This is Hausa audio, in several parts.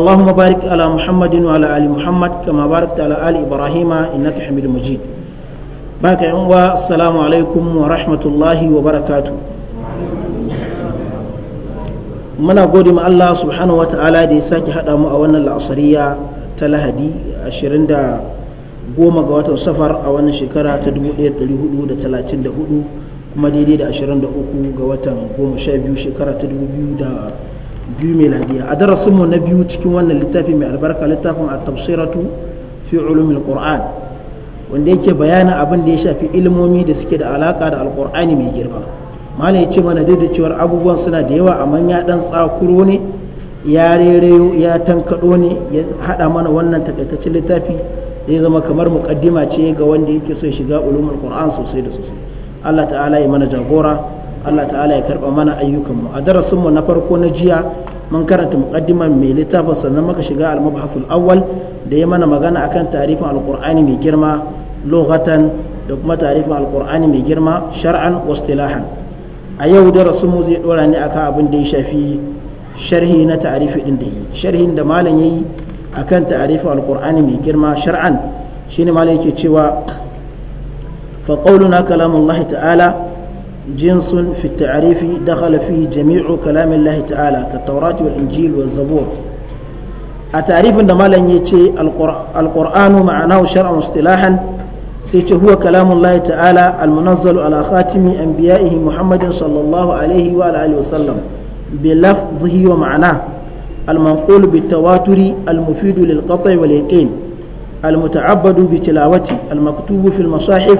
اللهم بارك على محمد وعلى آل محمد كما باركت على آل إبراهيم إنك حميد مجيد بارك يا السلام عليكم ورحمة الله وبركاته muna gode ma Allah subhanahu wa ta'ala da ya sake haɗa mu a wannan la'asariya ta lahadi 20 da goma ga watan safar a wannan shekara ta 1434 kuma daidai da 23 ga watan goma sha biyu shekara ta 2000 biyu mai lafiya a darasinmu na biyu cikin wannan littafi mai albarka littafin a tafsiratu fi ulumin qur'an wanda yake bayanin abin da ya shafi ilmomi da suke da alaka da alqur'ani mai girma malam ya ce mana dai da cewar abubuwan suna da yawa amma ya dan tsakuro ne ya rereyo ya tankado ne ya haɗa mana wannan takaitaccen littafi zai zama kamar mukaddima ce ga wanda yake so ya shiga ulumul qur'an sosai da sosai Allah ta'ala ya mana jagora Allah ta'ala ya karba mana ayyukanmu a darasinmu na farko na jiya mun karanta muqaddiman mai littafin sannan muka shiga al-mabhasul awwal da ya mana magana akan tarifin alqur'ani mai girma lughatan da kuma tarifin alqur'ani mai girma shar'an wa istilahan a yau darasinmu zai dora ne akan abin da ya shafi sharhi na tarifi din da yi sharhin da malam yayi akan tarifin alqur'ani mai girma shar'an shine malam yake cewa fa qauluna kalamullahi ta'ala جنس في التعريف دخل فيه جميع كلام الله تعالى كالتوراة والإنجيل والزبور التعريف عندما لن يتي القرآن معناه شرعا واصطلاحا سيتي هو كلام الله تعالى المنزل على خاتم أنبيائه محمد صلى الله عليه وعلى آله وسلم بلفظه ومعناه المنقول بالتواتر المفيد للقطع واليقين المتعبد بتلاوته المكتوب في المصاحف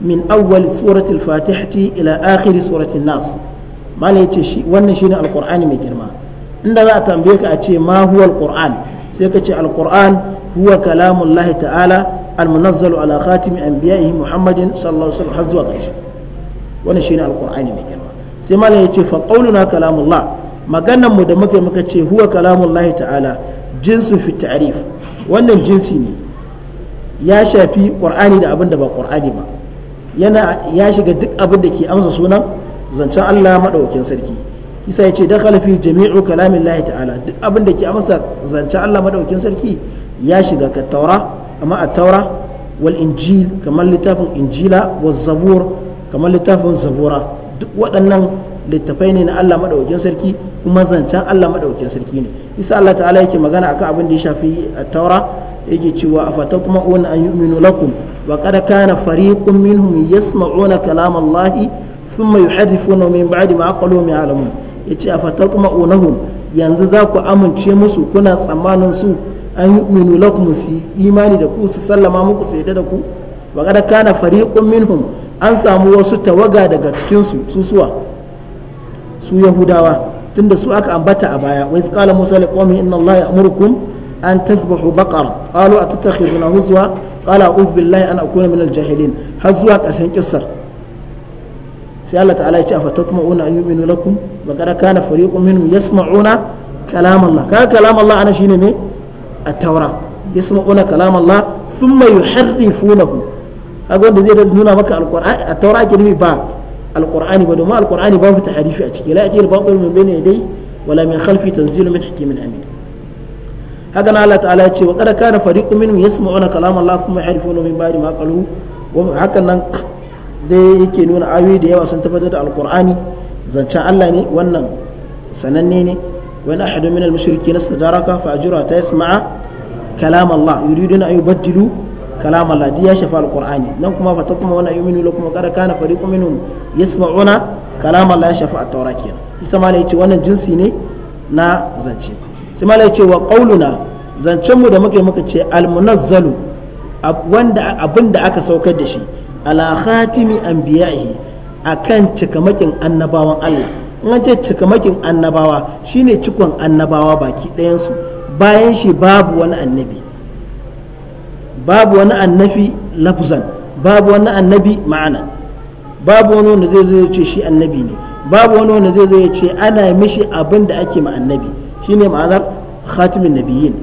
min awwal surati al-fatihati ila akhir surati nas malai yace shi wannan shine alqur'ani mai girma inda za a tambaye ka a ce ma huwa alqur'an sai ka ce alqur'an huwa kalamullahi ta'ala المنزل على خاتم أنبيائه محمد صلى الله عليه وسلم حز وقرش ونشينا القرآن من جنوة سيما لا يتشي فقولنا كلام الله ما قلنا مدمك مكتشي هو كلام الله تعالى جنس في التعريف وأن الجنسي يا شافي قرآني دا أبن دبا قرآني ما yana ya shiga duk abin da ke amsa sunan zancen Allah maɗaukin sarki isa ya ce dakhala jami'u kalamin lahi ta'ala duk abin da ke amsa zancen Allah maɗaukin sarki ya shiga ka taura amma a taura wal injil kamar littafin injila wa zabur kamar littafin zabura duk waɗannan littafai ne na Allah maɗaukin sarki kuma zancen Allah maɗaukin sarki ne isa Allah ta'ala yake magana akan abin da ya shafi a taura yake cewa wani an yu'minu lakum وقد كان فريق منهم يسمعون كلام الله ثم يحرفونه من بعد ما عقلوه يعلمون yace afatatma'unahum yanzu za ku amince musu kuna tsammanin su an yu'minu lakum su imani da ku su sallama muku su da ku wa kada kana fariqun minhum an samu wasu tawaga daga cikin su su suwa su tunda su aka ambata a baya wa qala musa liqawmi inna allaha ya'murukum an tadhbahu baqar qalu atattakhiduna huzwa qala a'udhu billahi an akuna minal jahilin har zuwa ƙarshen kissar sai Allah ta'ala ya ce afatatma'una an yu'minu lakum wa qad kana fariqun minhum yasma'una kalam Allah ka kalam Allah ana shine me at-taura yasma'una kalam Allah thumma yuharrifunahu kaga wanda zai nuna maka alqur'ani at-taura ake nufi ba alqur'ani ba domin Alƙur'ani babu tahrifi a ciki la ya'ti al-batil min bayni yadayhi wala min khalfi min amin haka na Allah ta'ala ya ce wa kada kana fariqu minhum yasma'una kalam Allah thumma yarifuna min ba'di ma qalu wa hakan nan dai yake nuna ayoyi da yawa sun tabbatar da alqur'ani zancen Allah ne wannan sananne ne wani ahadu min al-mushriki nastajaraka fa ajura ta yasma'a kalam Allah yuriduna an yubaddilu kalam Allah ya shafa alqur'ani nan kuma fa takuma wa yu'minu lakum qad kana fariqu minhum yasma'una kalam Allah ya shafa at-taura kenan isa ma ce wannan jinsi ne na zance sai ya ce wa ƙauluna zancen mu da muke muka ce almunazzalu wanda abin da aka saukar da shi ala khatimi anbiya'ihi akan cikamakin annabawan Allah in an ce cikamakin annabawa shine cikon annabawa baki ɗayansu bayan shi babu wani annabi babu wani annabi lafzan babu wani annabi ma'ana babu wani wanda zai zai ya ce shi annabi ne babu wani wanda zai zai ya ce ana mishi abin da ake ma annabi shine ma'anar khatimin nabiyyin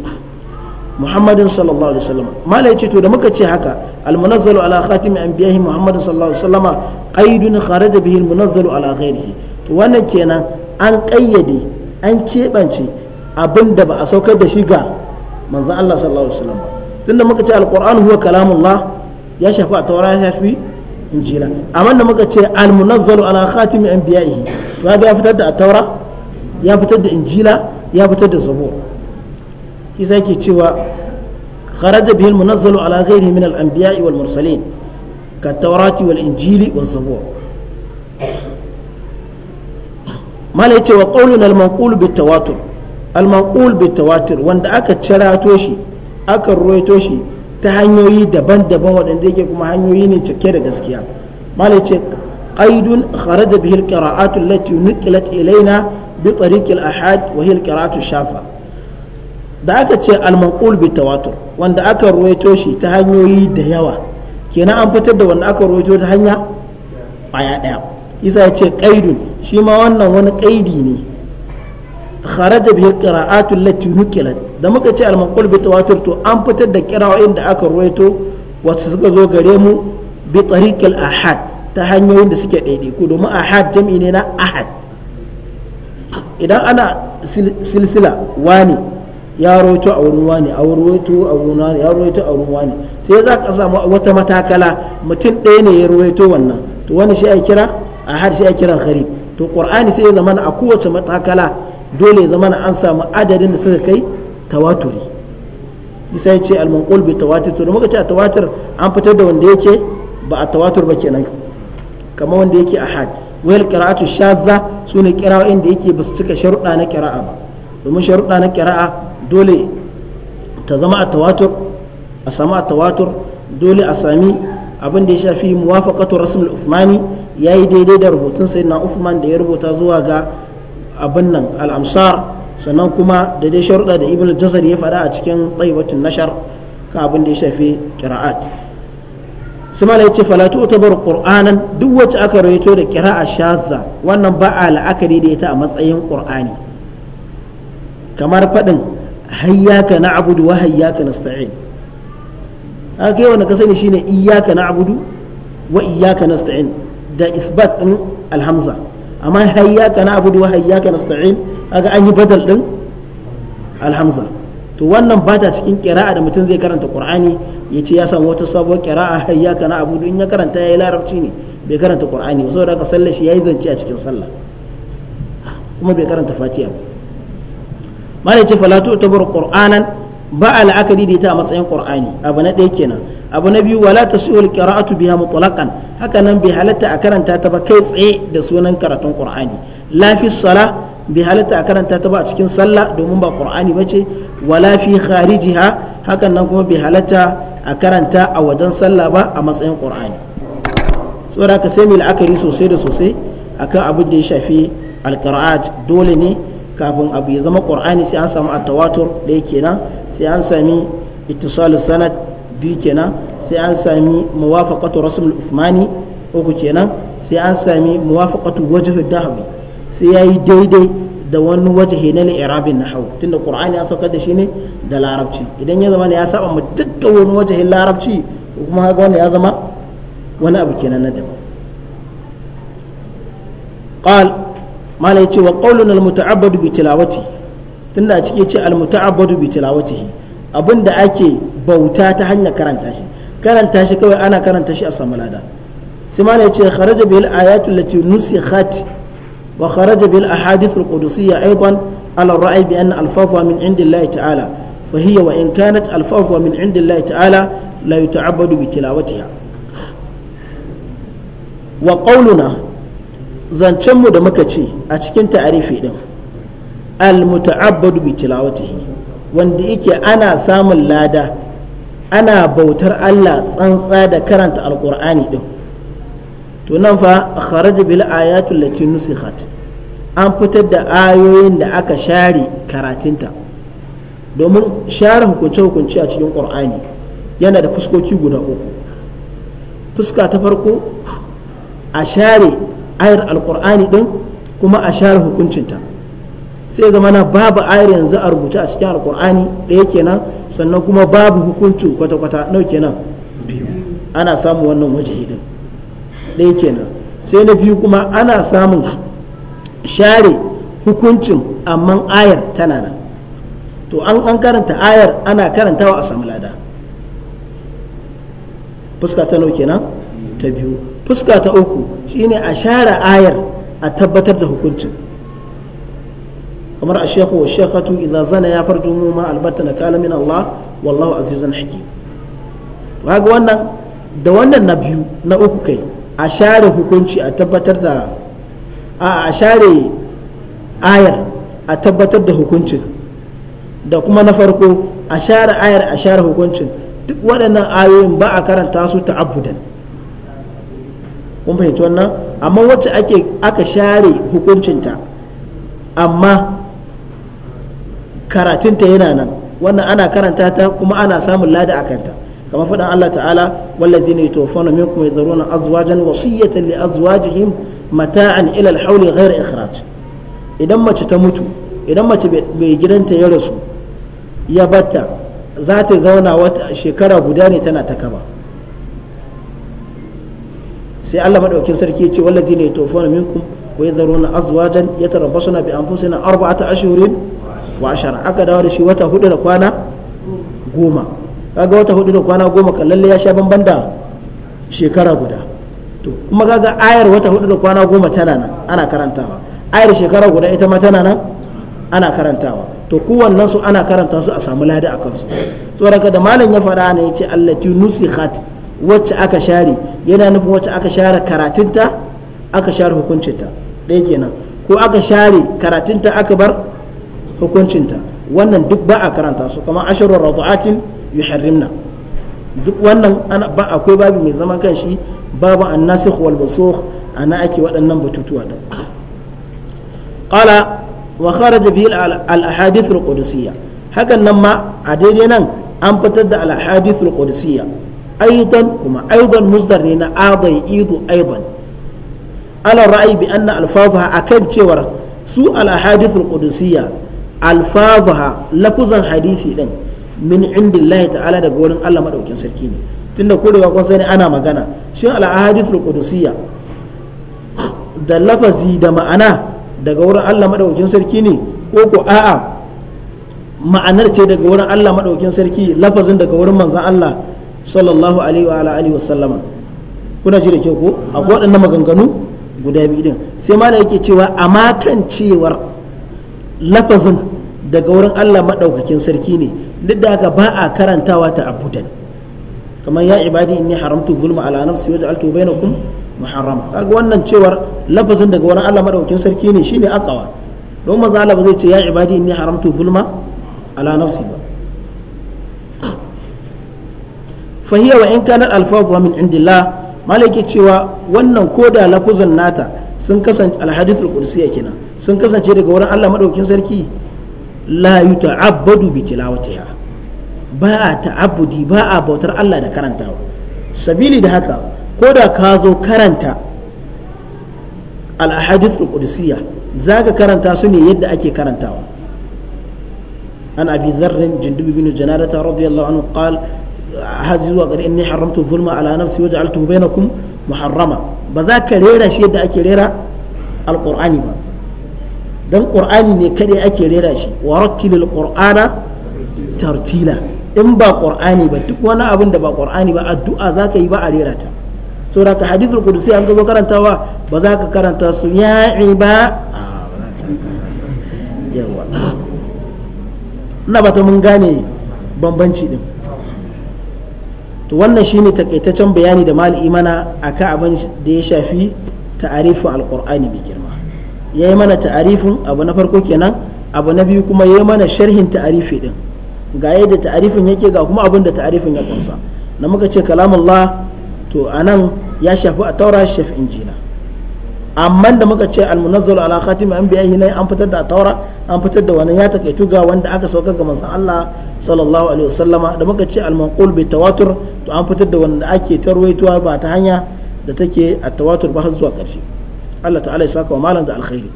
muhammadin sallallahu alaihi wasallam mala ce to da muka ce haka almunazzalu ala khatimi anbiyahi muhammadin sallallahu alaihi wasallama qaidun kharaja bihi almunazzalu ala ghairihi to wannan kenan an kayyade an kebance abin da ba a saukar da shi ga manzon Allah sallallahu alaihi wasallam tunda muka ce alquran huwa kalamullah ya shafi taura ya shafi injila amma da muka ce almunazzalu ala khatimi anbiyahi to ya fitar da taura ya fitar da injila ya fitar da sabo isa ke cewa kharaja bihi al-munazzalu ala ghairihi min al-anbiya'i wal mursalin ka tawrati wal injili was sabo mala yace qawlun al-manqul bit tawatur al-manqul bit tawatur wanda aka cirato shi aka ruwaito shi ta hanyoyi daban-daban wadanda yake kuma hanyoyi ne cike da gaskiya mala yace qaidun kharaja bihi al-qira'atu allati nuqilat ilaina bi tariqil ahad wa hiya qira'atu shafa da aka ce al-manqul bi tawatur wanda aka ruwaito shi ta hanyoyi da yawa kenan an fitar da wanda aka ruwaito ta hanya baya daya isa ya ce qaidun shi ma wannan wani qaidi ne kharaja bihi qira'atu allati nuqilat da muka ce al-manqul bi tawatur to an fitar da qira'o'in da aka ruwaito wasu suka zo gare mu bi tariqil ahad ta hanyoyin da suke daidaiku domin ahad jam'i ne na ahad idan ana silsila wani ya roto a wurin wani a roto a wurin wani ya roto a wurin wani sai za ka samu wata matakala mutum ɗaya ne ya roto wannan to wani shi ya kira a har shi ya kira gharib to qur'ani sai ya zama a kowace matakala dole ya zama an samu adadin da suka kai tawaturi isa ya ce al-manqul bi tawatur to muka ce a tawatur an fitar da wanda yake ba a tawatur ba kenan kamar wanda yake ahad wal qira'atu su sune qira'o'in da yake basu cika sharuɗa na kira'a ba domin sharuɗa na kira'a dole ta zama a tawatur a samu a tawatur dole a sami abin da ya shafi muwafaqatu rasul usmani yayi daidai da rubutun sayyidina usman da ya rubuta zuwa ga abin nan al-amsar sannan kuma da dai sharuɗa da ibn jazari ya faɗa a cikin taibatun nashar kan abin da ya shafi kira'at sai malai ce fala tu'tabar qur'anan duk wacce aka rawaito da qira'a shazza wannan ba a la'akari da ita a matsayin qur'ani kamar fadin hayyaka na'budu wa hayyaka nasta'in aka yi wanda ka sani shine iyyaka na'budu wa iyyaka nasta'in da isbat din alhamza amma hayyaka na'budu wa hayyaka nasta'in kaga an yi badal din alhamza to wannan ba ta cikin qira'a da mutum zai karanta qur'ani ya ce ya samu wata sabuwar kira'a hayyaka na abudu in ya karanta ya yi larabci ne bai karanta qur'ani ba saboda haka sallar shi ya yi zance a cikin sallah kuma bai karanta fatiha ba malai ce falatu ta qur'anan ba a la'akari da ita a matsayin qur'ani abu na ɗaya kenan abu na biyu wala ta suwal qira'atu biha mutlaqan haka nan bai halatta a karanta ta ba kai tsaye da sunan karatun qur'ani la fi sala bai halatta a karanta ta ba a cikin sallah domin ba qur'ani bace wala fi kharijiha hakan nan kuma bai halatta a karanta a wajen sallah ba a matsayin qur'ani saboda ka sai mu la'akari sosai da sosai akan abin da ya shafi alqira'at dole ne kafin abu ya zama qur'ani sai an samu at da ya kenan sai an sami ittisalus sanad biyu kenan sai an sami muwafaqatu rasmul usmani uku kenan sai an sami muwafaqatu wajhu dahabi sai yayi daidai da wani wajahi na li'irabin na tunda qur'an ya saukar da shi ne da larabci idan ya zama ya saba mu dukkan wani wajahi larabci kuma haka wanda ya zama wani abu kenan na daban qal mala yace wa qawlun al muta'abbadu bi tilawati tunda a ciki ce al muta'abbadu bi tilawatihi abinda ake bauta ta hanyar karanta shi karanta shi kawai ana karanta shi a samalada sai mala yace kharaja bil ayatu allati nusikhat وخرج بالأحاديث القدسية أيضا على الرأي بأن ألفاظها من عند الله تعالى فهي وإن كانت ألفاظها من عند الله تعالى لا يتعبد بتلاوتها وقولنا zancenmu da muka ce a cikin ta'arifi din al-muta'abbadu bi wanda yake ana samun lada ana bautar Allah tsantsa da karanta alkur'ani to nan fa kharaja bil ya lati nusikhat an fitar da ayoyin da aka share karatunta domin share hukunce-hukunce a cikin qur'ani yana da fuskoki guda uku fuska ta farko a share ayar alqur'ani din kuma a share hukuncinta sai zama na babu ayar yanzu a rubuta a cikin alƙur'ani ɗaya kenan sannan kuma babu hukuncin kwata-kwata nau kenan ana samun wannan waje din ɗaya kenan sai na biyu kuma ana samun share hukuncin amma ayar tana nan to an an karanta ayar ana karantawa a samu lada fuska ta nau kenan ta biyu fuska ta uku shine a share ayar a tabbatar da hukuncin kamar a shekhu wa shekhatu idan zana ya farju mu ma albatta na kalamin Allah wallahu azizan hakim to wannan da wannan na biyu na uku kai a share hukunci a tabbatar da a share ayar a tabbatar da hukuncin da kuma na farko a share ayar a share hukuncin duk waɗannan ayoyin ba a karanta su ta kun fahimci wannan amma wacce ake aka share hukuncinta amma karatunta yana nan wannan ana karanta ta kuma ana samun lada a kanta kamar faɗin Allah ta'ala wallazina na minkum yadhuruna azwajan wasiyatan li azwajihim mata'an ila al-hawli ghayr idan mace ta mutu idan mace bai gidanta ya rasu ya batta za zauna wata shekara guda ne tana ta kaba sai Allah madaukakin sarki ya ce wallazina yatawaffawna minkum ويذرون أزواجا يتربصن بأنفسهن أربعة أشهر وعشرة أكد هذا wata hudu da kwana قوما kaga wata hudu da kwana goma kan lalle ya sha bamban da shekara guda to kuma kaga ayar wata hudu da kwana goma tana nan ana karantawa ayar shekara guda ita ma tana nan ana karantawa to kowannen su ana karanta su a samu ladi a kansu tsoraka da malam ya faɗa ne yace allati nusikhat wacce aka share yana nufin wacce aka share karatunta aka share hukuncinta ɗaya kenan ko aka share karatunta aka bar hukuncinta wannan duk ba a karanta su kamar ashirar radu'atin yuharrimna duk wannan ana ba akwai babu mai zaman kanshi babu annasikh wal mansukh ana ake waɗannan batutuwa da qala wa kharaja bihi al ahadith al qudusiyya hakan nan ma a daidai nan an fitar da al ahadith al qudusiyya aidan kuma aidan musdar ne na adai idu aidan ala ra'ayi bi anna alfazaha akan cewar su al ahadith al qudusiyya alfazaha lafuzan hadisi din min indillahi ta'ala daga wurin Allah madaukin sarki ne tunda ko daga kun ana magana shin al-ahadithul qudusiyya da lafazi da ma'ana daga wurin Allah madaukin sarki ne ko ko a'a ma'anar ce daga wurin Allah madaukin sarki lafazin daga wurin manzon Allah sallallahu alaihi wa alihi wa sallama kuna ji da ke ko akwai waɗannan maganganu guda biyu din sai ma yake cewa amma kan cewar lafazin daga wurin Allah madaukakin sarki ne duk da haka ba a karantawa ta abudan kamar ya ibadi inni haramtu zulma ala nafsi wa ja'altu bainakum muharrama kaga wannan cewar lafazin daga wani Allah madaukakin sarki ne shine akawa don maza Allah ba zai ce ya ibadi inni haramtu zulma ala nafsi ba fa hiya wa in kanat alfazu min indillah malaki cewa wannan koda lafuzan nata sun kasance alhadithul qudsi kenan sun kasance daga wurin Allah madaukakin sarki la yuta'abbadu bi tilawatiha ba a ta'abbudi ba a bautar Allah da karantawa sabili da haka ko da ka zo karanta al-ahadith al-qudusiyya zaka karanta su ne yadda ake karantawa an abi dharr jindub bin janarata radiyallahu anhu qala hadith wa qad inni haramtu zulma ala nafsi wa ja'altuhu bainakum muharrama ba za ka rera shi yadda ake rera al-qur'ani ba dan ƙur'ani ne kadai ake rera shi wa rattilil qur'ana tartila in ba ƙur'ani ba duk wani abin da ba ƙur'ani ba addu'a zaka yi ba a rera ta saboda ka hadithul qudsi an gazo karantawa ba za ka karanta su ya ah, ba. Ina ba ta mun gane bambanci din to wannan shine takaitaccen bayani da mal imana akan abin da ya shafi ta'arifin alqur'ani mai girma ya yi mana ta'arifin abu na farko kenan abu na biyu kuma ya yi mana sharhin ta'arifi din ga yadda ta'arifin yake ga kuma abin da ta'arifin ya kunsa na muka ce kalamullah to anan ya shafi a taura shafi injila amma da muka ce almunazzal ala khatim anbiya'i ne an fitar da taura an fitar da wani ya takaitu ga wanda aka sauka ga manzon Allah sallallahu alaihi wasallama da muka ce almanqul bi tawatur to an fitar da wanda ake tarwaituwa ba ta hanya da take a tawatur ba har zuwa ƙarshe. Allah ta'ala ya saka wa malam da alkhairi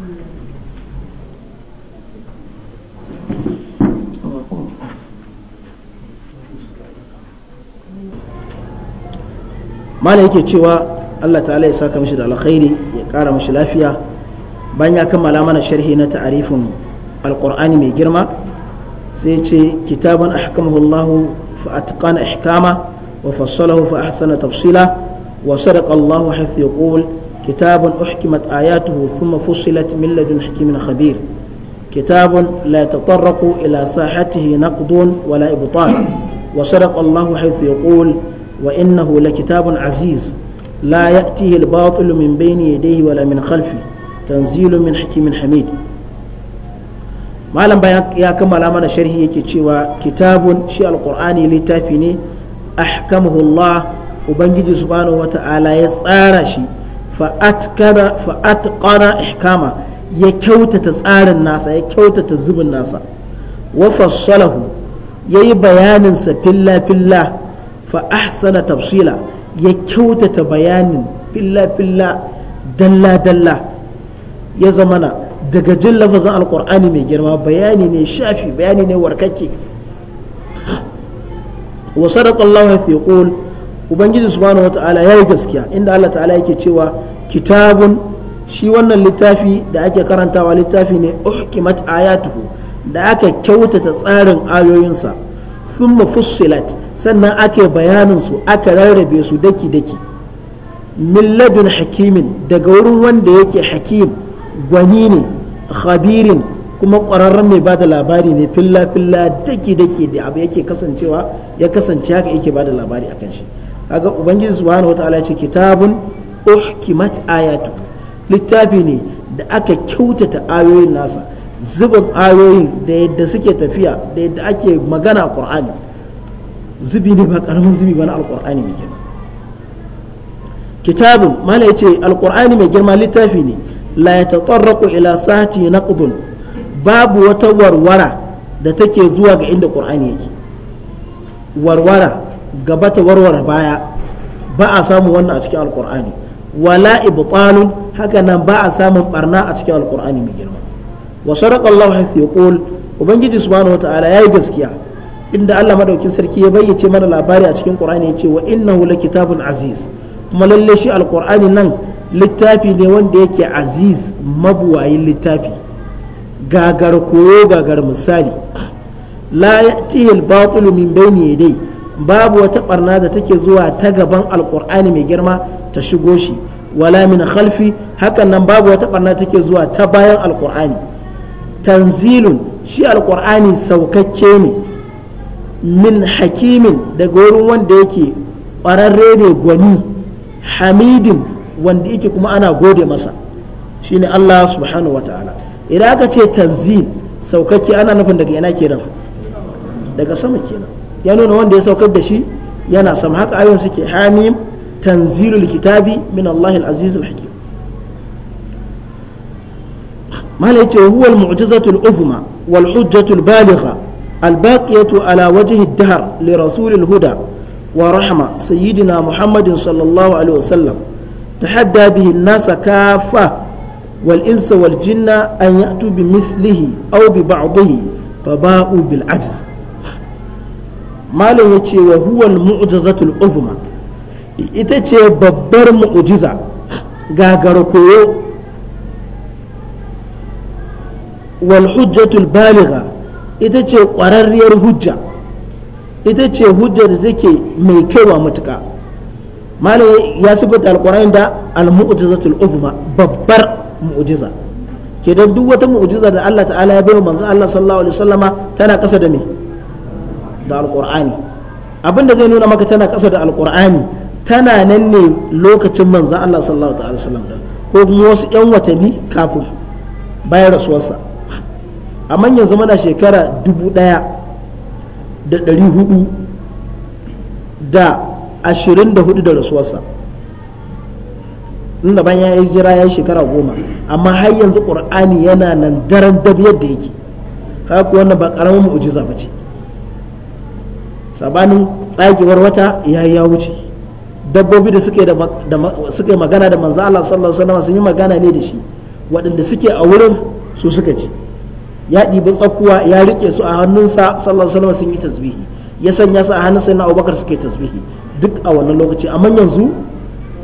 malam yake cewa Allah ta'ala ya saka mishi da alkhairi ya kara mishi lafiya bayan ya kammala mana sharhi na ta'arifin alƙur'ani mai girma sai ce kitabun ahkamahu Allah fa atqana ihkama wa fassalahu fa ahsana tafsila wa sadaqa Allah hath yaqul كتاب أحكمت آياته ثم فصلت من لدن حكيم خبير كتاب لا يتطرق إلى ساحته نقد ولا إبطال وصدق الله حيث يقول وإنه لكتاب عزيز لا يأتيه الباطل من بين يديه ولا من خلفه تنزيل من حكيم حميد ما لم ya على mana sharhi yake كتاب شيء القرآن alkur'ani littafi أحكمه الله Allah سبحانه وتعالى wata'ala faatƙara ihkama ya kyautata tsarin nasa ya kyautata zubin nasa wa fassalahu ya yi bayaninsa filla-filla fa'ahsana tafsila ya kyautata bayanin filla-filla dalla-dalla ya zamana daga jin lafazin Alƙur'ani mai girma bayani ne shafi bayani ne warkake wa sadaqa Allah ya ubangiji subhanahu wata'ala ya yi gaskiya inda Allah ta'ala yake cewa kitabun shi wannan littafi da ake karantawa littafi ne uhkimat ayatuhu da aka kyautata tsarin ayoyinsa thumma fussilat sannan ake bayanin su aka rarrabe su daki daki min hakimin daga wurin wanda yake hakim gwani ne khabirin kuma ƙwararren mai bada labari ne filla filla daki daki da abu yake kasancewa ya kasance haka yake bada labari akan shi kaga ubangiji subhanahu wataala ya ce kitabun uhkimat ayatu littafi ne da aka kyautata ayoyin nasa zubin ayoyin da yadda suke tafiya da yadda ake magana qur'ani zubi ne ba karamin zubi ba na alqur'ani mai girma kitabun mala yace alqur'ani mai girma littafi ne la yatatarraqu ila sahati naqdun babu wata warwara da take zuwa ga inda qur'ani yake warwara gaba ta warwara baya ba a samu wannan a cikin alqur'ani wala ibtalun haka nan ba a samun barna a cikin alqur'ani mai girma wa sadaqa Allah haythu yaqul ubangiji subhanahu wataala yayi gaskiya inda Allah madaukin sarki ya bayyace mana labari a cikin qur'ani yace wa innahu lakitabun aziz kuma lalle shi alqur'ani nan littafi ne wanda yake aziz mabuwayin littafi gagar koyo gagar misali la ya'tihi al min bayni yadayhi babu wata barna da take zuwa ta gaban alƙur'ani mai girma ta shigo shi wala min khalfi hakan nan babu wata barna take zuwa ta bayan alqur'ani tanzilun shi alqur'ani saukakke ne min hakimin daga wurin wanda yake ƙwararre ne gwani hamidin wanda yake kuma ana gode masa shine Allah subhanahu wa ta'ala idan aka ce tanzil saukakke ana nufin daga yana kenan daga sama kenan ya nuna wanda ya saukar da shi yana sama haka ayon suke hamim تنزيل الكتاب من الله العزيز الحكيم ما ليته هو المعجزة العظمى والحجة البالغة الباقية على وجه الدهر لرسول الهدى ورحمة سيدنا محمد صلى الله عليه وسلم تحدى به الناس كافة والإنس والجن أن يأتوا بمثله أو ببعضه فباءوا بالعجز ما ليته وهو المعجزة العظمى ita ce babbar mu'ujiza gagara koyo wal hujjatul baligha ita ce ƙwararriyar hujja ita ce hujja da take mai kaiwa matuka malaye ya sifata alƙur'ani da al-mu'jizatul uzma babbar mu'jiza ke dan duk wata mu'jiza da Allah ta'ala ya bayar manzo Allah sallallahu alaihi wasallama tana kasa da me da alƙur'ani abinda zai nuna maka tana kasa da alƙur'ani tana nan ne lokacin manza Allah sallallahu ta'ala wasallam da ko kuma wasu 'yan watanni kafin bayan rasuwarsa manyan zama na shekara dubu ɗaya da ɗari hudu da ashirin da hudu da rasuwarsa inda ban ya jira ya shekara goma amma har yanzu ƙur'ani yana nan daren dab yadda yake haka wannan ba ƙaramin mu'ujiza ba ce sabanin tsagewar wata ya ya wuce dabbobi da suke suke magana da manzo Allah sallallahu alaihi wasallam sun yi magana ne da shi waɗanda suke a wurin su suka ci ya ɗibi tsakuwa ya rike su a hannunsa sallallahu alaihi wasallam sun yi tasbihi ya sanya su a hannun sayyidina Abubakar suke tasbihi duk a wannan lokaci amma yanzu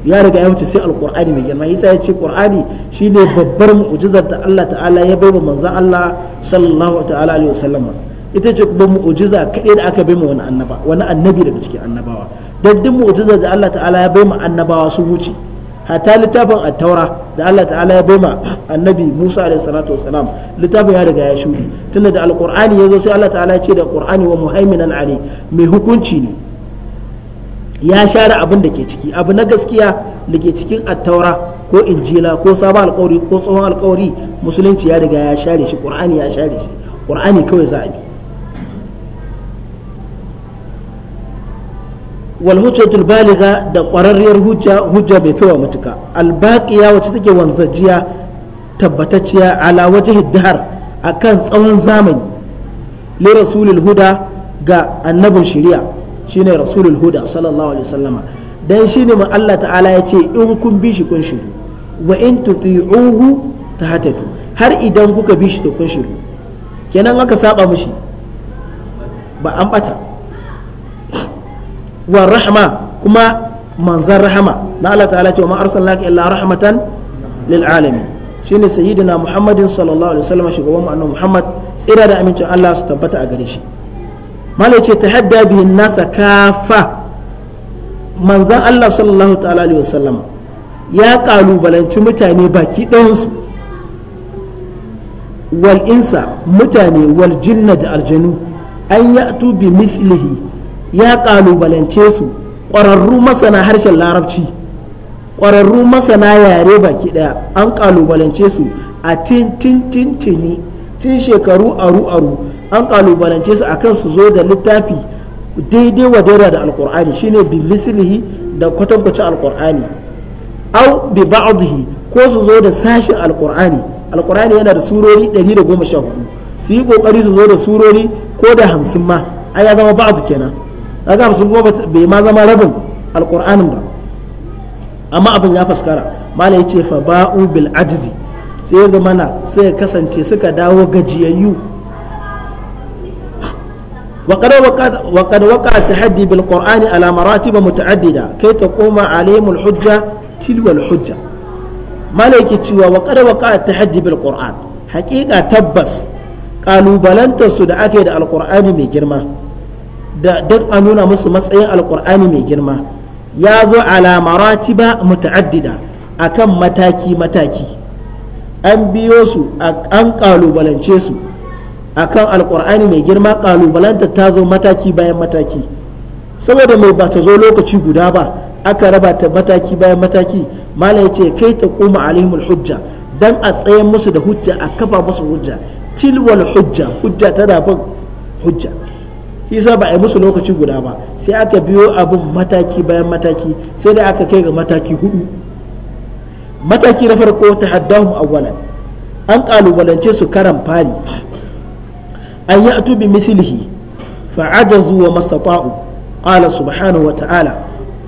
ya riga ya wuce sai alqur'ani mai girma yasa ya ce qur'ani shine babbar mu'jizar da Allah ta'ala ya bai wa manzo Allah sallallahu ta'ala alaihi wasallam ita ce kuma mu'ujiza kaɗai da aka bai ma wani annaba wani annabi daga cikin annabawa don duk mu'ujiza da Allah ta'ala ya bai ma annabawa sun wuce hatta littafin attaura da Allah ta'ala ya bai ma annabi Musa alaihi salatu wasalam littafin ya riga ya shudi tunda da alqur'ani yazo sai Allah ta'ala ya ce da qur'ani wa muhaiminan ali mai hukunci ne ya share abin da ke ciki abu na gaskiya da ke cikin attaura ko injila ko sabon alkawari ko tsohon alkawari musulunci ya riga ya share shi qur'ani ya share shi qur'ani kawai za a bi wal hujjatul da ƙwararriyar hujja hujja bai fiwa mutuka albaqiya wacce take wanzajiya tabbatacciya ala wajhi dahar akan tsawon zamani li rasulul huda ga annabin shari'a shine rasulul huda sallallahu alaihi wasallama dan shine mu Allah ta'ala ya ce in kun bi shi kun shiru wa in tuti'uhu tahtadu har idan kuka bi shi to kun shiru kenan aka saba mishi ba an bata wa rahma kuma manzan rahama na Allah ta'ala ce wa ma arsalnaka illa rahmatan lil alamin shine sayyidina muhammadin sallallahu alaihi wasallam shugaban mu annabi muhammad tsira da amincin Allah su tabbata a gare shi malai ce tahadda bihin nasa kafa manzan Allah sallallahu ta'ala alaihi wasallam ya kalubalanci mutane baki ɗayansu wal insa mutane wal jinna da aljanu an ya'tu bi mislihi ya kalubalance su ƙwararru masana harshen larabci ƙwararru masana yare baki ɗaya an kalubalance su a tintintini tun shekaru aru-aru an kalubalance su akan su zo da littafi daidai wa daidai da alkur'ani shine bi mislihi da kwatankwacin alkur'ani au bi ba'dhihi ko su zo da sashin alkur'ani alkur'ani yana da surori 114 su yi kokari su zo da surori ko da hamsin ma ai ya zama ba'd kenan kaga hamsin kuma bai ma zama rabin alqur'anin ba amma abin ya faskara malam yace fa ba'u bil ajzi sai ya zama na sai kasance suka dawo gajiyayyu وقد وقع وقد وقع التحدي بالقرآن على مراتب متعددة كي تقوم عليهم الحجة تلو الحجة مالك تشوى وقد وقع التحدي بالقرآن حقيقة تبس قالوا بلنت سدعك القرآن من جرمه da duk a nuna musu matsayin alkur'ani mai girma ya zo ala maratiba muta'addida akan mataki mataki an biyo su an kalubalance su akan alkur'ani mai girma kalubalanta ta zo mataki bayan mataki saboda mai ba ta zo lokaci guda ba aka raba ta mataki bayan mataki mala ya ce kai ta kuma alihimul hujja dan a tsaye musu da hujja a kafa musu hujja tilwal hujja hujja tana bin hujja isa ba a musu lokaci guda ba sai aka biyo abun mataki bayan mataki sai da aka kai ga mataki hudu mataki na farko ta haddahun awalan an kalubalance su karan fari an yi atu bi misilihi fa'ajar zuwa mastata'u kala subhanahu wa ta'ala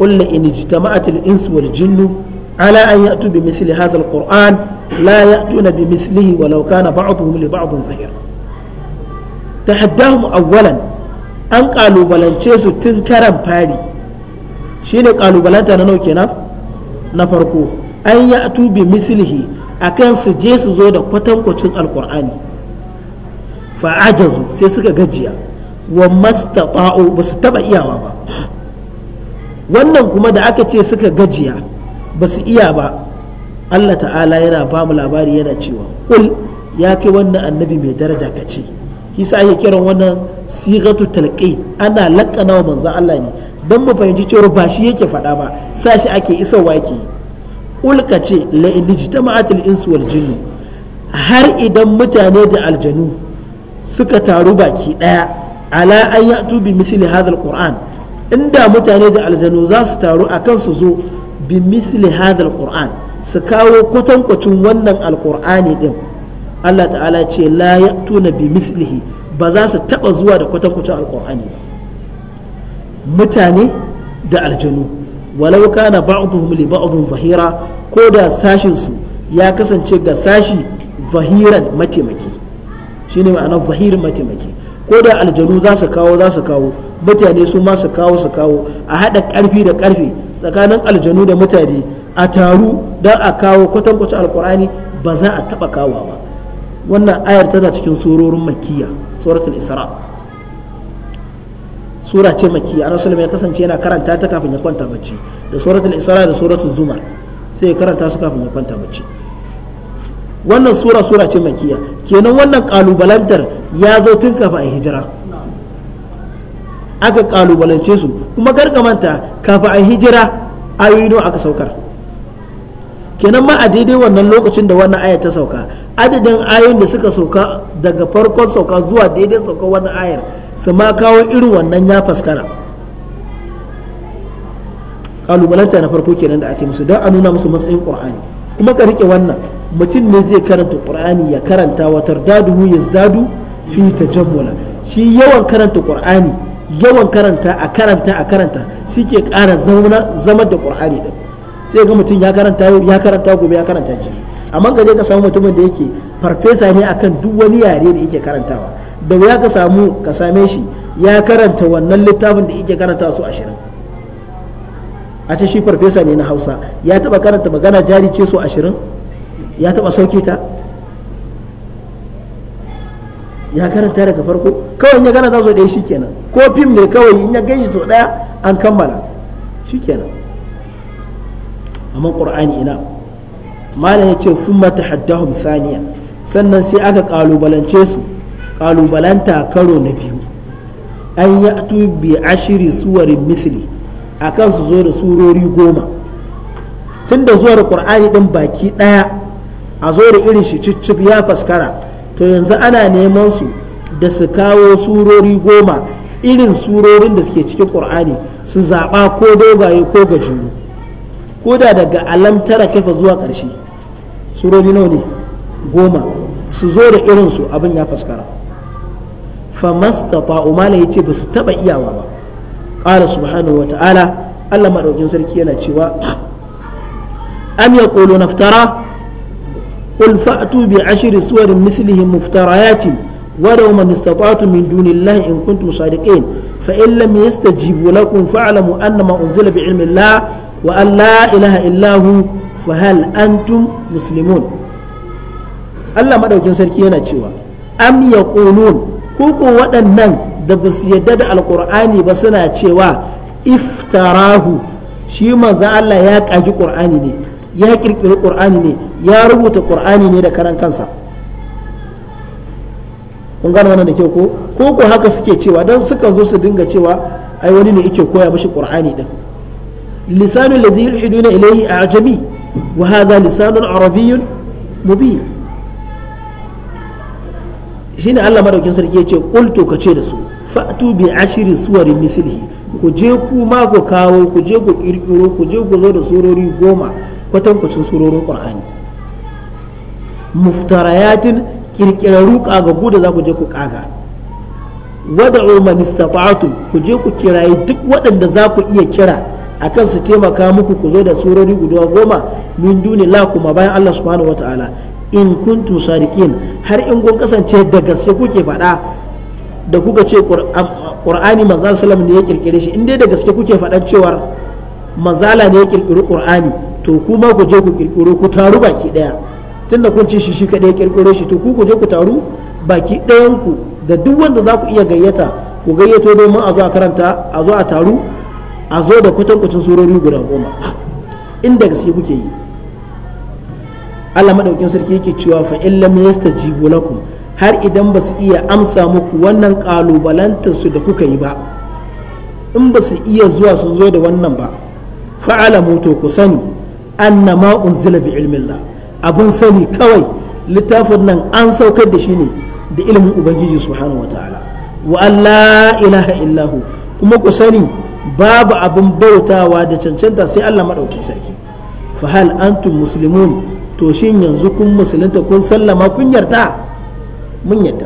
kulle in ji tamatil insu wal jinnu ala an yi atu bi misili hadal qur'an la ya atu na bi misilihi walau kana ba'atu mili ba'atun zahir ta haddahun awalan an kalubalance su tun karan fari shi ne kalubalanta na nau kenan na farko an ya bi mislihi kan su je su zo da kwatankwacin alkur'ani fa'ajazu sai suka gajiya wa mastata'u ba su taba iyawa ba wannan kuma da aka ce suka gajiya ba su iya ba Allah ta'ala yana ba mu labari yana cewa kul ya kai wannan annabi mai daraja ka ce yasa ake kiran wannan sigatu talqi ana lakana wa manzon Allah ne dan mu fahimci cewa ba shi yake faɗa ba sa shi ake isa yake ulka ce la in jitama'at al insu wal har idan mutane da aljanu suka taru baki daya ala an ya'tu bi misli hadha qur'an inda mutane da aljanu za su taru akan su zo bi misli hadha qur'an su kawo kwatankwacin wannan alqur'ani din Allah ta'ala ce la tuna bi mislihi ba za su taba zuwa da kwatankwacin alkur'ani ba mutane da aljanu walau kana ba'dhum li ba'dhin zahira ko da sashin su ya kasance ga sashi zahiran mataimaki shine ma'anar zahirin mataimaki ko da aljanu za su kawo za su kawo mutane su ma su kawo su kawo a haɗa ƙarfi da ƙarfi tsakanin aljanu da mutane a taru don a kawo kwatankwacin alkur'ani ba za a taɓa kawo ba wannan ayar tana cikin surorin makiya, suratul isra sura ce makiya ana sulama ya kasance yana karanta ta kafin ya kwanta bacci da suratul isra da suratul zumar sai ya karanta su kafin ya kwanta bacci wannan sura sura ce makiya kenan wannan kalubalantar ya zo tun kafin a hijira aka kalubalance su kuma gargamanta kafin a hijira ayoyi aka saukar kenan ma a daidai wannan lokacin da wannan aya ta sauka adadin ayoyin da suka sauka daga farkon sauka zuwa daidai sauka wani ayar su ma kawo irin wannan ya faskara kalubalanta na farko kenan da ake musu don a nuna musu matsayin qur'ani kuma ka rike wannan mutum ne zai karanta qur'ani ya karanta wa ya zadu fi tajammula shi yawan karanta qur'ani yawan karanta a karanta a karanta shi ke ƙara zama da qur'ani din sai ga mutum ya karanta ya karanta gobe ya karanta jiya amma ka je ka samu mutumin da yake farfesa ne akan duk wani yare da yake karantawa da wuya ka samu ka same shi ya karanta wannan littafin da yake karanta su ashirin a ce shi farfesa ne na hausa ya taba karanta magana jari ce su ashirin ya taba sauke ta ya karanta daga farko kawai ya karanta so ɗaya shikenan ko fim ne kawai in ya gaishe to ɗaya an kammala shikenan amma ƙur'ani ina malam ya ce sun mata hadda saniya sannan sai aka kalubalance su kalubalanta karo na biyu an ya bi ashiri suwarin misli a kan su zo da surori goma tun da zuwa da ƙur'ani ɗin baki ɗaya a zo da irin shi cicif ya faskara to yanzu ana neman su da su kawo surori goma irin surorin da suke cikin ƙur'ani su zaɓa ko dogaye ko gajuru ko da daga alamtara kafa zuwa ƙarshe surori nawa ne goma su zo da irin su abin ya faskara fa mastata'u ya ce ba su taba iyawa ba qala subhanahu wata'ala Allah madaukin sarki yana cewa ya yaqulu naftara قل فأتوا بعشر سور مثله مفتريات ولو من استطعتم من دون الله إن كنتم صادقين فإن لم يستجيبوا لكم فاعلموا أن ما أنزل بعلم الله wa an la ilaha illahu fa hal antum muslimun Allah madaukin sarki yana cewa am yaqulun ko ko waɗannan da basu su yadda da alkur'ani ba suna cewa iftarahu shi manzan Allah ya kagi qur'ani ne ya kirkiri qur'ani ne ya rubuta qur'ani ne da karan kansa kun wannan da ke ko ko haka suke cewa dan suka zo su dinga cewa ai wani ne yake koya mashi qur'ani din لسان الذي يلحدون إليه أعجمي وهذا لسان عربي مبين shine Allah madaukin sarki yace qultu ka ce da su fa'tu bi ashri suwari mislihi ku je ku ma kawo ku je ku kirkiro ku je ku zo da surori goma kwatankwacin surorin qur'ani muftarayatin kirkiraru kagagu da za ku je ku kaga wada'u man istata'tum ku je ku kirayi duk waɗanda zaku iya kira a kan su taimaka muku ku zo da surori guduwa goma min duni la kuma bayan Allah subhanahu wataala in kuntum sadiqin har in kun kasance da gaske kuke faɗa da kuka ce qur'ani manzo sallam ne ya kirkire shi in dai da gaske kuke faɗan cewar manzala ne ya kirkiri qur'ani to kuma ku je ku kirkiro ku taru baki daya tunda kun ci shi shi kadai ya kirkiro shi to ku ku je ku taru baki dayan ku da duk wanda za ku iya gayyata ku gayyato domin a zo a karanta a zo a taru a zo da kwatankwacin surori guda goma inda gaske kuke yi Allah madaukin sarki yake cewa fa in lam yastajibu lakum har idan ba su iya amsa muku wannan kalubalantar su da kuka yi ba in ba su iya zuwa su zo da wannan ba fa'ala to ku sani anna ma unzila bi ilmillah abun sani kawai littafin nan an saukar da shi ne da ilimin ubangiji subhanahu wataala wa alla ilaha illahu kuma ku sani babu abin bautawa da cancanta sai Allah maɗaukin sarki fa hal antum muslimun to shin yanzu kun musulunta kun sallama kun yarda mun yarda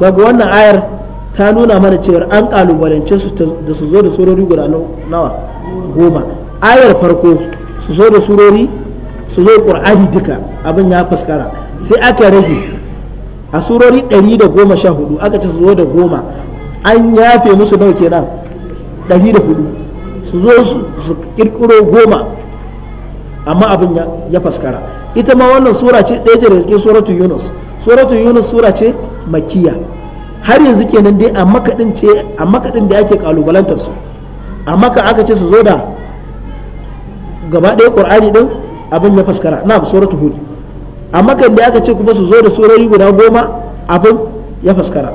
kaga wannan ayar ta nuna mana cewa an kalubalance su da su zo da surori guda nawa goma ayar farko su zo da surori su zo qur'ani duka abin ya fuskara sai aka rage a surori 114 aka ce su zo da goma an yafe musu nawa kenan ɗari da hudu su zo su kirkiro goma amma abin ya faskara ita ma wannan sura ce ɗaya daga rikin suratu yunus suratu yunus sura ce makiya har yanzu kenan dai a makaɗin ce a makaɗin da ake kalubalantar su a maka aka ce su zo da gaba ɗaya ƙur'ani ɗin abin ya faskara na suratu hud a makan da aka ce kuma su zo da surori guda goma abin ya faskara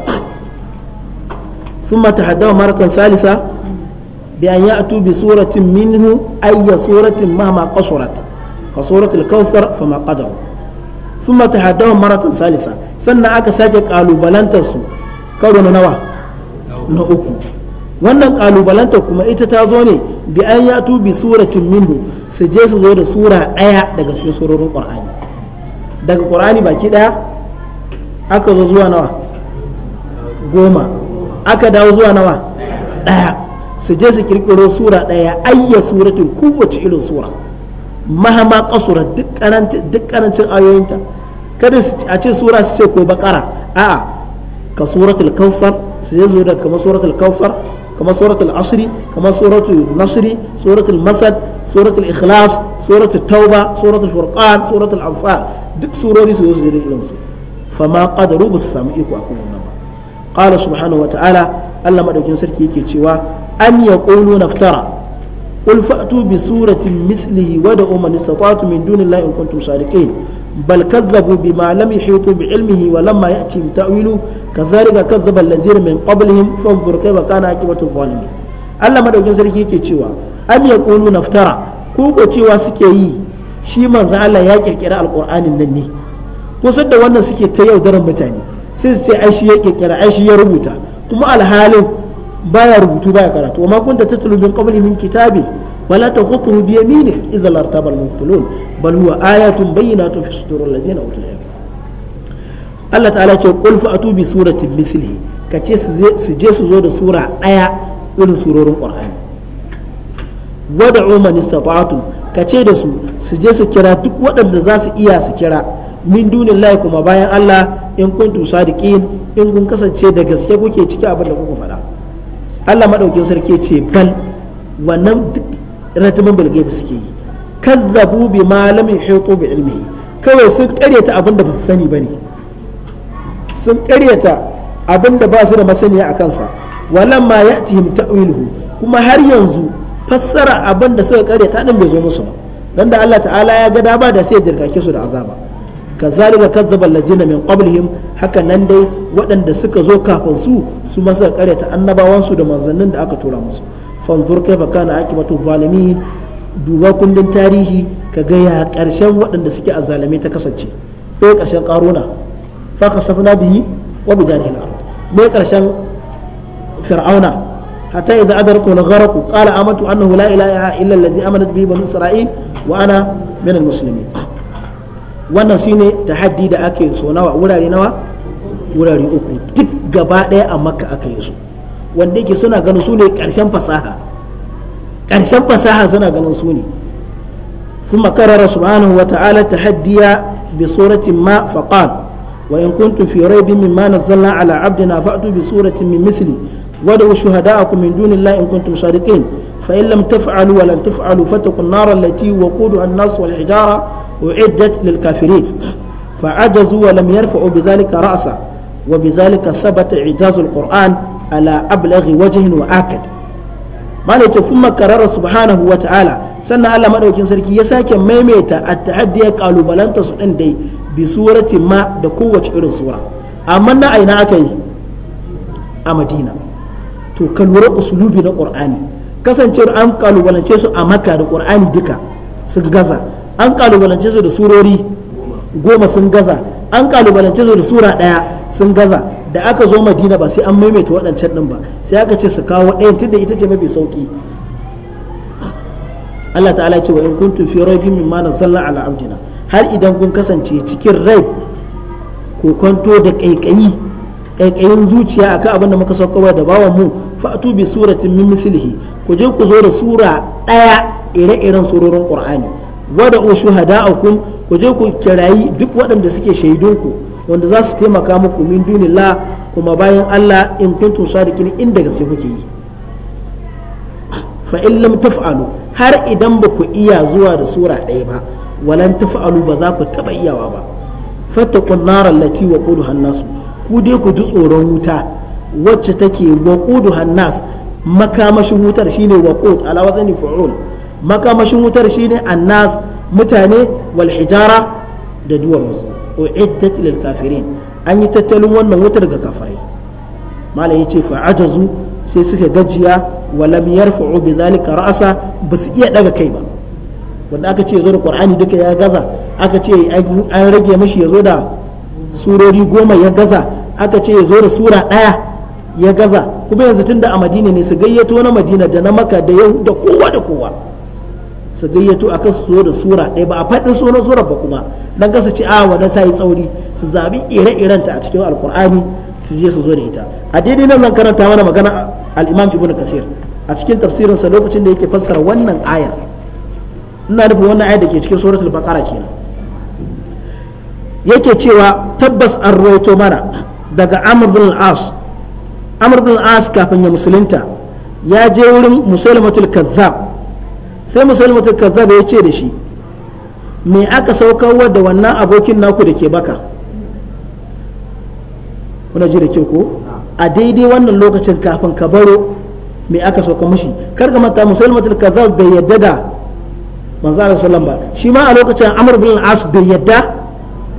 ثم تحدث maratan salisa. بأن يأتوا بصورة منه أي صورة مهما قصرت كصورة الكوثر فما قدروا ثم تحداهم مرة ثالثة سنة أكا قالوا بلانتسو كانوا نوا نؤكو wannan kalubalanta kuma ita ta zo ne bi an ya bi suratin minhu su je su zo da sura ɗaya daga cikin surorin qur'ani daga qur'ani baki ɗaya aka zo zuwa nawa goma aka dawo zuwa nawa ɗaya su je su kirkiro sura ɗaya ayya suratin kowace irin sura mahama kasura duk karancin ayoyinta kada a ce sura su ce ko bakara a'a ka suratul kawfar su je zo da kamar suratul kawfar kamar suratul asri kamar suratul nasri suratul masad suratul ikhlas suratul tauba suratul furqan suratul anfal duk surori su su je irin su fama qadaru ba su samu iko akan wannan ba qala subhanahu wa ta'ala Allah madaukin sarki yake cewa أم يقولون افترى قل فأتوا بسورة مثله ودعوا من استطعتم من دون الله إن كنتم صادقين بل كذبوا بما لم يحيطوا بعلمه ولما يأتهم تأويله كذلك كذب الذين من قبلهم فانظر كيف كان عاقبة الظالمين Allah madaukin sarki ke cewa am kulu naftara ko ko cewa suke yi shi manzo Allah ya kirkira alqur'anin nan ne kusan da wannan suke ta yaudaran mutane sai su ce ya ya rubuta kuma alhalin baya rubutu baya karatu wa ma kunta tatlu min qabli min kitabi wala takhutuhu bi yaminih idza lartaba al bal huwa ayatun bayyinatun fi sudur alladhina utul ilm Allah ta'ala ce qul fa'atu bi suratin mithlihi kace su je su zo da sura daya irin surorin qur'ani wad'u man istata'tum kace da su su je su kira duk waɗanda za su iya su kira min dunin lahi kuma bayan Allah in kuntu sadiqin in kun kasance da gaske kuke ciki abin da kuka faɗa Allah madaukin sarki ce bal wannan duk ratiban suke yi kazzabu bi ma lam yuhitu bi ilmihi kawai sun karyata abin da ba su sani bane sun karyata abin da ba su da masaniya a kansa walamma ya'tihim ta'wiluhu kuma har yanzu fassara abin da suka karyata din bai zo musu ba dan da Allah ta'ala ya ga da ba da sai ya dirkake su da azaba kazalika kazzaba lajina min qablihim haka nan dai waɗanda suka zo kafin su su ma suka karyata annabawansu da manzannin da aka tura musu fanzur kaifa kana aqibatu zalimin duba kundin tarihi ka gaya ya karshen waɗanda suke azzalame ta kasance ko karshen karuna fa kasafna bihi wa bi darihi al karshen fir'auna hatta idza adarku al-gharq qala amatu annahu la ilaha illa alladhi amanat bihi banu isra'il wa ana min al-muslimin wannan shine tahaddi da aka yi nawa wurare nawa wurare uku duk gaba ɗaya a makka aka yi su wanda yake suna ganin su ne fasaha ƙarshen fasaha suna ganin su ne su makarar subhanahu wa ta'ala tahaddiya bi suratin ma faqal wa in kuntum fi raibin min ma nazzalna ala abdina fa'tu bi suratin min mithli wa da shuhada'akum min dunillahi in kuntum sadiqin فإن لم تفعلوا ولن تفعلوا فاتقوا النار التي وقودها الناس والحجارة أعدت للكافرين فعجزوا ولم يرفعوا بذلك رأسا وبذلك ثبت إعجاز القرآن على أبلغ وجه وآكد ما ثم كرر سبحانه وتعالى sannan Allah madaukin sarki ya sake maimaita a ta'addi ya kalubalanta su din dai bi surati ma da kowace irin sura amma na aina aka yi a Madina to ka lura usulubi na Qur'ani kasancewar an kalubalance su a maka da qur'ani duka sun gaza an kalubalance su da surori goma sun gaza an kalubalance su da sura daya sun gaza da aka zo madina ba sai an maimaita waɗancan ɗin ba sai aka ce su kawo ɗayan tunda ita ce mafi sauki Allah ta'ala ce wa in kuntum fi raibin mana nazzalna ala abdina har idan kun kasance cikin rai ko kwanto da kaikayi kaikayin zuciya akan abin da muka sauka da bawan mu fa'atu bi suratin min mislihi ku je ku zo da sura ɗaya ire-iren surorin qur'ani wada u shuhada'akum ku je ku kirayi duk waɗanda suke shaidunku wanda za su taimaka muku min dunillah kuma bayan Allah in kuntum sadiqin inda sai kuke yi fa in lam taf'alu har idan ba ku iya zuwa da sura ɗaya ba walan taf'alu ba za ku taba iyawa ba fattaqun nar allati waquduha an-nas ku dai ku ji tsoron wuta wacce take waƙudu hannas makamashin wutar shine waqud ala wazni fu'ul makamashin wutar shine annas mutane wal hijara da duwatsu uiddat lil kafirin an yi tattalin wannan wutar ga kafirai malam yace fa ajazu sai suka gajiya wa lam yarfa'u bi rasa ra'asa ba su iya daga kai ba wanda aka ce kur'ani da qur'ani duka ya gaza aka ce an rage mashi ya zo da surori goma ya gaza aka ce ya zo da sura ɗaya ya gaza kuma yanzu tunda a madina ne su gayyato na madina da na maka da yau da kowa da kowa su gayyato a kan su da sura ɗaya ba a faɗin sunan sura ba kuma nan ka su ci a ah, wadda ta yi tsauri su zaɓi ire-iren ta a cikin alkur'ani su je su zo da ita a daidai nan zan karanta mana magana alimam ibn kasir a cikin tafsirinsa lokacin da yake fassara wannan ayar ina nufin wannan ayar da ke cikin suratul baqara kenan yake cewa tabbas an roto mana daga amrul as amr bin as kafin ya musulunta ya je wurin musulmatul kazzab sai musulmatul kazzab ya ce da shi me aka saukar da wannan abokin naku da ke baka kuna ji da ke ko a daidai wannan lokacin kafin ka baro me aka sauka mashi kar ka manta musulmatul kazzab bai yadda da manzan Allah sallallahu ba shi ma a lokacin amr bin as bai yadda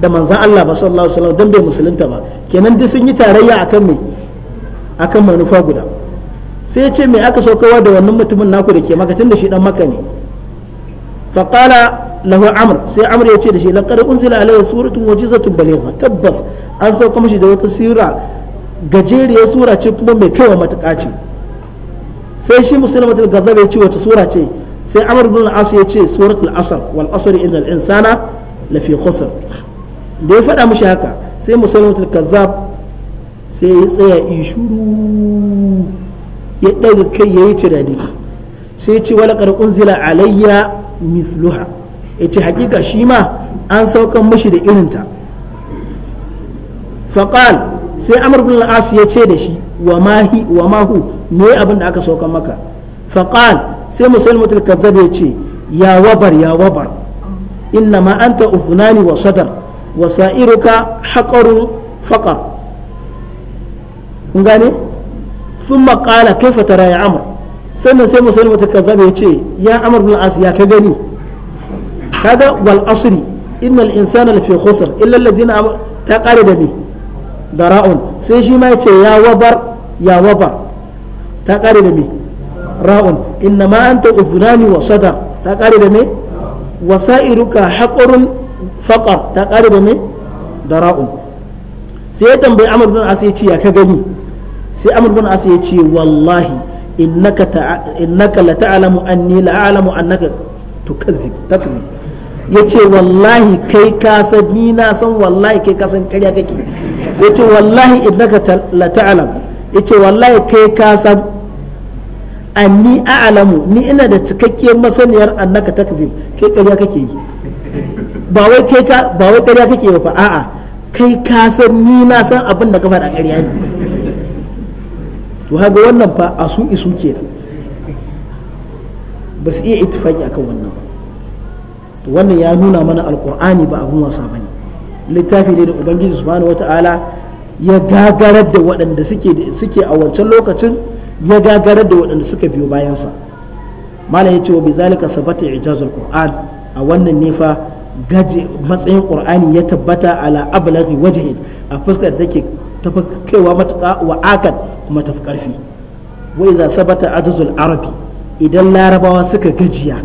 da manzan Allah ba sallallahu alaihi wasallam dan bai musulunta ba kenan duk sun yi tarayya akan me akan manufa guda sai ce me aka saukawa da wannan mutumin naku da ke maka da shi dan maka ne fa lahu amr sai amr ya ce da shi laqad unzila alayhi suratun wajizatun baligha tabbas an sauka mashi da wata sura gajeriyar sura ce kuma mai kaiwa matuƙa ce sai shi musulmatul gazzab ya ce wata sura ce sai amr ibn al-as ya ce suratul asr wal asr inna al-insana lafi khusr da ya faɗa mashi haka sai musulmatul kazzab sai ya tsaya ishuru ya ɗaga kai ya yi tunani sai ce wala ƙarƙun zila alayya mithluha ya ce hakika shi ma an saukan mashi da irinta faƙal sai amur bin al'as ya ce da shi wa mahi wa mahu me abin da aka saukan maka faƙal sai musulmatul kazzab ya ce ya wabar ya wabar inna ma anta ufunani wa sadar wa sa'iruka haƙarun faƙar kun gane sun maƙala kai fatara ya amur sannan sai musulmi ta kazzaba ya ce ya amur bin as ya ka gani kaga wal asri innal insana lafi khusr illa alladhina ta kare da me sai shi ma ya ce ya wabar ya wabar ta kare da me ra'un inna ma anta uzunani wa sadar ta kare da me wasa'iruka haƙurun faƙar ta kare da me sai ya tambayi amur bin as ya ce ya ka gani sai amur bin asa ya ce wallahi innaka innaka la ta'lamu anni la a'lamu annaka tukazib takzib yace wallahi kai ka san ni na san wallahi kai ka san ƙarya kake yace wallahi innaka la ta'lam yace wallahi kai ka san anni a'lamu ni ina da cikakkiyar masaniyar annaka takzib kai ƙarya kake yi ba wai kai ka ba wai ƙarya kake ba a'a kai ka san ni na san abin da ka faɗa ƙarya ne to haga wannan fa a su isu ke ba su iya itifaki akan wannan ba to wannan ya nuna mana alkur'ani ba abin wasa ba ne, littafi ne da ubangiji subhanahu wata'ala ya gagarar da waɗanda suke a wancan lokacin ya gagarar da waɗanda suka biyo bayansa malam ya ce wa bizalika sabata ijazul qur'an a wannan ne fa gaje matsayin qur'ani ya tabbata ala ablaghi wajhin a fuskar da take ta kaiwa matuƙa wa akad kuma tafi karfi wai za sabata ajzul arabi idan larabawa suka gajiya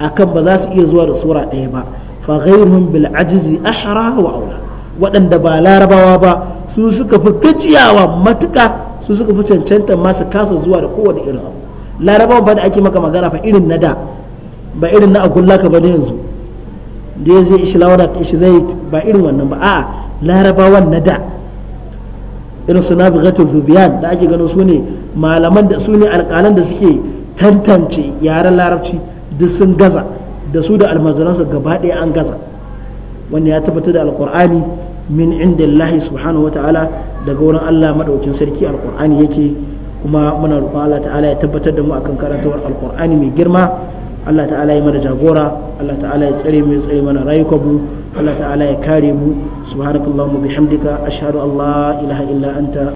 akan ba za su iya zuwa da sura ɗaya ba fa ghairuhum bil ajzi ahra wa aula waɗanda ba larabawa ba su suka fi gajiyawa matuka su suka fi cancanta masu kasa zuwa da kowane irin abu larabawa ba da ake maka magana fa irin na da ba irin na agullaka ka na yanzu da ya zai ishi ta ishi zai ba irin wannan ba a'a larabawan na da irin su nabigatul zubiyan da ake ganin su ne malaman da su ne alƙalan da suke tantance yaren larabci duk sun gaza da su da almajiransu gaba ɗaya an gaza wanda ya tabbatar da alƙur'ani min indillahi subhanahu ta'ala daga wurin Allah maɗaukin sarki alƙur'ani yake kuma muna roƙon Allah ta'ala ya tabbatar da mu akan karantawar alƙur'ani mai girma Allah ta'ala ya mana jagora Allah ta'ala ya tsare mu ya tsare mana rayukanmu Allah ta'ala ya kare mu subhanakallahumma bihamdika ashhadu an la ilaha illa anta